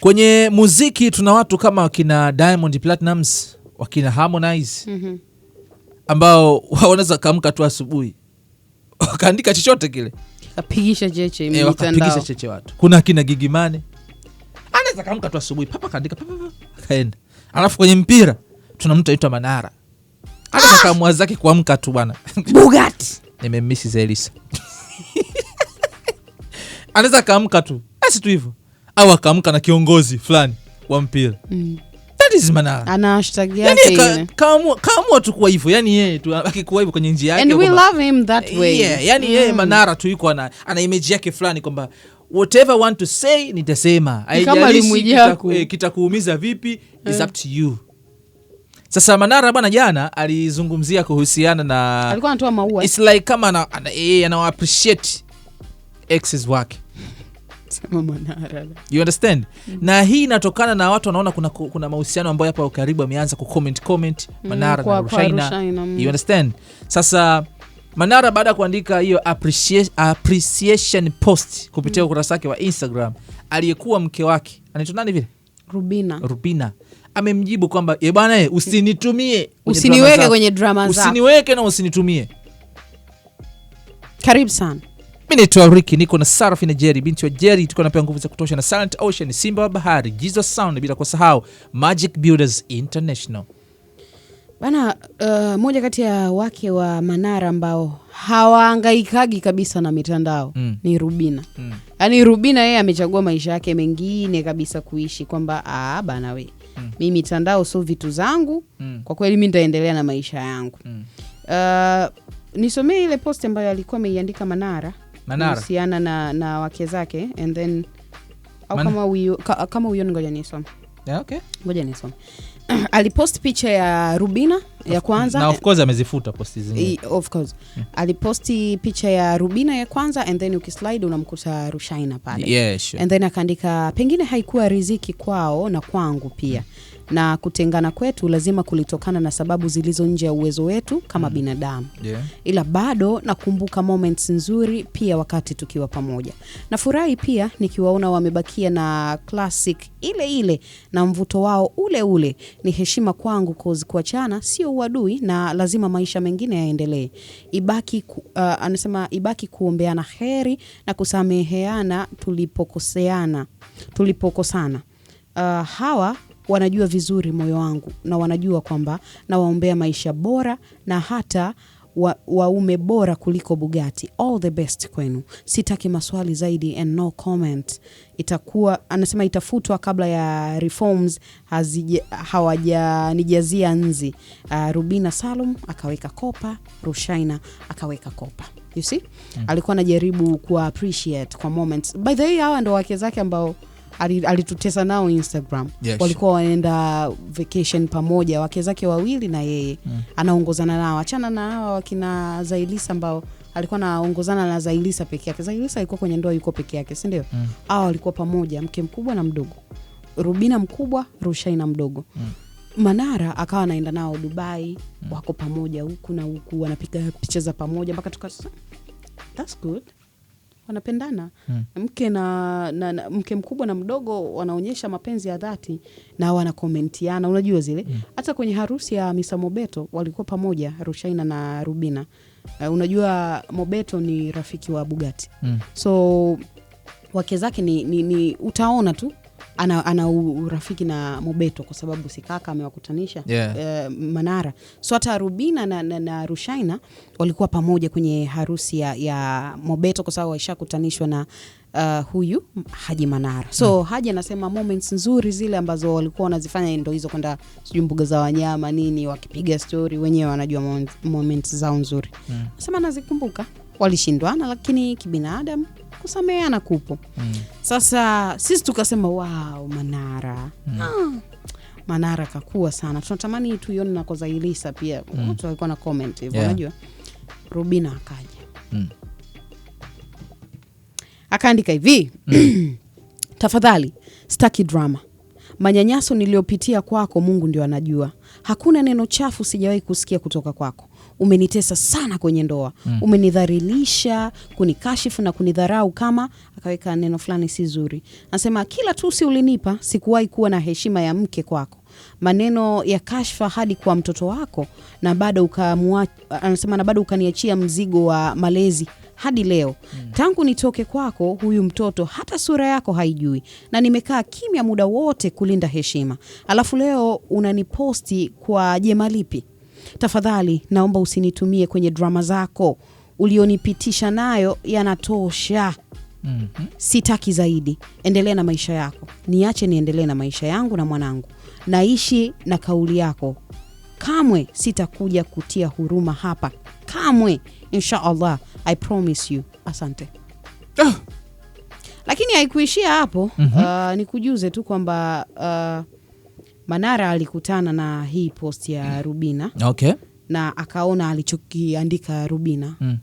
Kwenye muziki tuna watu kama wakina Diamond Platnumz, wakina Harmonize mm -hmm. ambao wanaweza kaamka tu asubuhi wakaandika chochote kile kapigisha cheche e, wakapigisha cheche watu. Kuna akina Gigimane anaweza kaamka tu asubuhi papa kaandika akaenda. Alafu kwenye mpira tuna mtu aitwa Manara anaweza ah! kaamua zake kuamka tu bwana bugat nimemisi Zelisa anaweza kaamka tu asi tu hivyo au akaamka na kiongozi fulani wa mpira mm. yaani Kaamua tu kuwa hivo yani yeye tu akikuwa hivo kwenye njia yake, yani yeye mm. Manara tu iko ana, ana image yake fulani kwamba whatever want to say nitasema, eh, kitakuumiza kita vipi, is eh. up to you. Sasa Manara bwana, jana alizungumzia kuhusiana na alikuwa anatoa maua, it's like kama ana, ana, ana, ana appreciate exes wake sema you understand mm na hii inatokana na watu wanaona kuna, kuna mahusiano ambayo hapa karibu ameanza kucomment comment mm, manara mm, na you understand sasa manara baada ya kuandika hiyo appreciation, post kupitia mm. ukurasa wake wa instagram aliyekuwa mke wake anaitwa nani vile rubina rubina amemjibu kwamba e bwana eh, usinitumie usiniweke kwenye drama usiniweke na usinitumie karibu sana mi naitwa Riki, niko na Sarafi na jeri binti wa jeri tukiwa napewa nguvu za kutosha na Silent Ocean, Simba wa Bahari, jizo Sound, bila kusahau Magic Builders International. Bana, uh, moja kati ya wake wa Manara ambao hawaangaikagi kabisa na mitandao mm. ni Rubina mm. Yaani Rubina yeye amechagua maisha yake mengine kabisa kuishi kwamba ah, bana we mm. mi mitandao sio vitu zangu mm. kwa kweli mi ntaendelea na maisha yangu mm. uh, nisomee ile post ambayo alikuwa ameiandika Manara kuhusiana na, na wake zake and then au Man. kama huyo ka, kama huyo ngoja nisome yeah, okay. ngoja nisome alipost picha ya Rubina ya kwanza na of course amezifuta posti of course yeah. Hmm. aliposti picha ya Rubina ya kwanza and then ukislide unamkuta Rushaina pale yeah, sure. and then akaandika pengine haikuwa riziki kwao na kwangu pia mm na kutengana kwetu lazima kulitokana na sababu zilizo nje ya uwezo wetu kama mm. binadamu yeah. Ila bado nakumbuka moments nzuri pia wakati tukiwa pamoja. Nafurahi pia nikiwaona wamebakia na classic ile ile na mvuto wao ule ule. Ni heshima kwangu kozi kuachana sio uadui, na lazima maisha mengine yaendelee. Ibaki ku, uh, anasema ibaki kuombeana heri na kusameheana tulipokoseana tulipokosana. Uh, hawa wanajua vizuri moyo wangu na wanajua kwamba nawaombea maisha bora na hata wa, waume bora kuliko bugati All the best kwenu. Sitaki maswali zaidi and no comment. Itakuwa anasema itafutwa kabla ya reforms hawajanijazia nzi. Uh, Rubina Salum akaweka kopa, Rushaina akaweka kopa. You see? Mm. Alikuwa anajaribu kuwa appreciate kwa moments. By the way, hawa ndo wake zake ambao alitutesa nao Instagram yes. walikuwa sure. wanaenda vacation pamoja wake zake wawili na yeye mm. anaongozana nao, achana na hawa wakina Zailisa ambao alikuwa anaongozana na Zailisa peke yake. Zailisa alikuwa kwenye ndoa yuko peke yake, si ndio? mm. hawa walikuwa pamoja, mke mkubwa na mdogo, Rubina mkubwa, Rushaina mdogo mm. Manara akawa anaenda nao Dubai mm. wako pamoja huku na huku, wanapiga picha za pamoja mpaka tuka that's good wanapendana mm. mke na, na, na mke mkubwa na mdogo wanaonyesha mapenzi ya dhati na wanakomentiana, unajua zile hmm. hata mm. kwenye harusi ya Misa Mobeto walikuwa pamoja Rushaina na Rubina. Uh, unajua Mobeto ni rafiki wa bugati mm. so wake zake ni, ni, ni utaona tu ana, ana urafiki na Mobeto kwa sababu Sikaka amewakutanisha yeah. Eh, Manara so hata Rubina na, na, na Rushaina walikuwa pamoja kwenye harusi ya, ya Mobeto kwa sababu waishakutanishwa na Uh, huyu Haji Manara so hmm. Haji anasema moments nzuri zile ambazo walikuwa wanazifanya ndo hizo kwenda sijui mbuga za wanyama nini, wakipiga stori wenyewe wanajua moments zao nzuri, hmm. nasema Nazikumbuka walishindwana, lakini kibinadamu kusameheana kupo. mm. Sasa sisi tukasema wow, Manara mm. ah, Manara kakua sana, tunatamani tuione na kozailisa pia mm. watu walikuwa na comment hivyo, unajua Rubina akaja mm. akaandika hivi mm. tafadhali, staki drama manyanyaso niliyopitia kwako Mungu ndio anajua. Hakuna neno chafu sijawahi kusikia kutoka kwako umenitesa sana kwenye ndoa mm. umenidharilisha kunikashifu na kunidharau, kama akaweka neno fulani si zuri, anasema kila tusi ulinipa, sikuwahi kuwa na heshima ya mke kwako maneno ya kashfa hadi kwa mtoto wako, na bado anasema na bado ukaniachia mzigo wa malezi hadi leo mm. Tangu nitoke kwako, huyu mtoto hata sura yako haijui, na nimekaa kimya muda wote kulinda heshima, alafu leo unaniposti kwa jema lipi? Tafadhali naomba usinitumie kwenye drama zako, ulionipitisha nayo yanatosha. Mm -hmm. Sitaki zaidi, endelee na maisha yako, niache niendelee na maisha yangu na mwanangu. Naishi na kauli yako, kamwe sitakuja kutia huruma hapa kamwe, insha Allah, I promise you. Asante. Oh. Lakini haikuishia hapo. mm -hmm. Uh, nikujuze tu kwamba uh, Manara alikutana na hii post ya mm. Rubina okay. na akaona alichokiandika Rubina mm.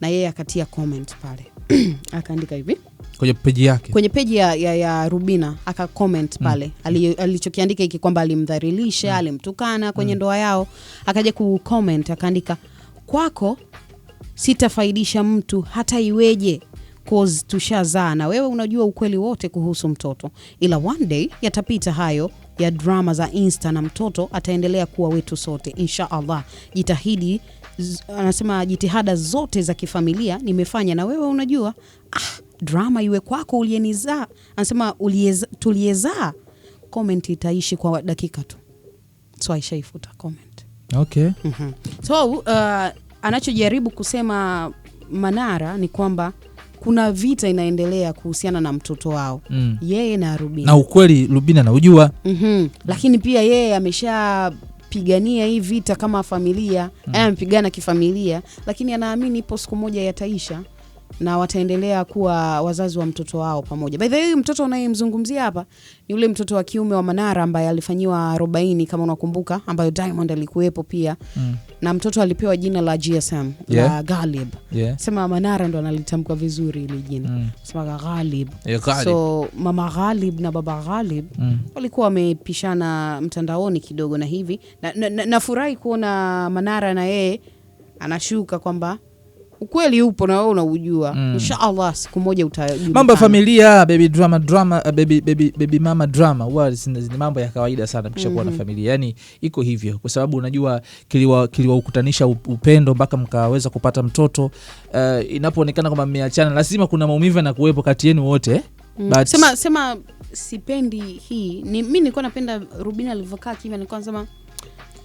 na yeye akatia comment pale akaandika hivi kwenye peji yake kwenye peji ya, ya, ya Rubina aka comment mm. pale mm. Ali, alichokiandika hiki kwamba alimdharilisha mm. alimtukana kwenye mm. ndoa yao, akaja ku comment akaandika, kwako sitafaidisha mtu hata iweje tushazaa na wewe unajua ukweli wote kuhusu mtoto, ila one day yatapita hayo ya drama za Insta na mtoto ataendelea kuwa wetu sote insha Allah. Jitahidi, anasema jitihada zote za kifamilia nimefanya, na wewe unajua ah, drama iwe kwako uliyenizaa, anasema tuliyezaa. koment itaishi kwa dakika tu, so aishaifuta koment okay. mm -hmm. so uh, anachojaribu kusema Manara ni kwamba kuna vita inaendelea kuhusiana na mtoto wao mm. yeye na Rubina, na ukweli Rubina anaujua mm -hmm. lakini pia yeye amesha pigania hii vita kama familia mm. amepigana kifamilia, lakini anaamini ipo siku moja yataisha na wataendelea kuwa wazazi wa mtoto wao pamoja. By the way, mtoto unayemzungumzia hapa ni ule mtoto wa kiume wa Manara ambaye alifanyiwa arobaini kama unakumbuka, ambayo Diamond alikuwepo pia mm. na mtoto alipewa jina la GSM yeah. la Ghalib yeah. sema Manara ndo analitamka vizuri ile jina mm. sema Ghalib yeah, so mama Ghalib na baba Ghalib mm. walikuwa wamepishana mtandaoni kidogo na hivi na, na, na, nafurahi kuona Manara na yeye anashuka kwamba ukweli upo na wewe unaujua. Mm. inshaallah siku moja utajua. Mambo ya familia, baby drama drama, eh, baby baby baby mama drama huwa ni mambo ya kawaida sana mkishakuwa mm -hmm. na mhm. familia. yani iko hivyo kwa sababu unajua kiliwa kiliwaukutanisha upendo mpaka mkaweza kupata mtoto. Uh, inapoonekana kwamba mmeachana lazima kuna maumivu na kuwepo kati yenu wote. Mm. But... Sema sema sipendi hii. Ni mimi nilikuwa napenda Rubina alivyokaa kimya nilikuwa nasema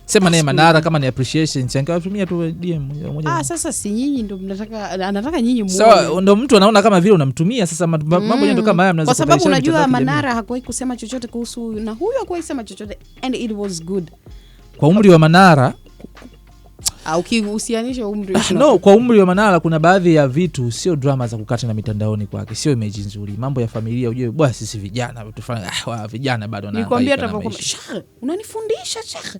sema naye Manara kama ni appreciation angewatumia tu DM moja. Ah, sasa si nyinyi ndo mnataka, anataka nyinyi muone. So ndo mtu anaona kama vile unamtumia sasa mambo mm. ndio kama haya mnaweza kwa sababu unajua Manara hakuwahi kusema chochote kuhusu huyu na huyu hakuwahi kusema chochote and it was good kwa umri wa Manara ah, ukihusianisha umri ah, no, kwa umri wa Manara kuna baadhi ya vitu sio drama za kukata na mitandaoni kwake, sio imeji nzuri. Mambo ya familia, ujue bwana, sisi vijana tufanya, ah, vijana bado na nikwambia, unanifundisha shekhe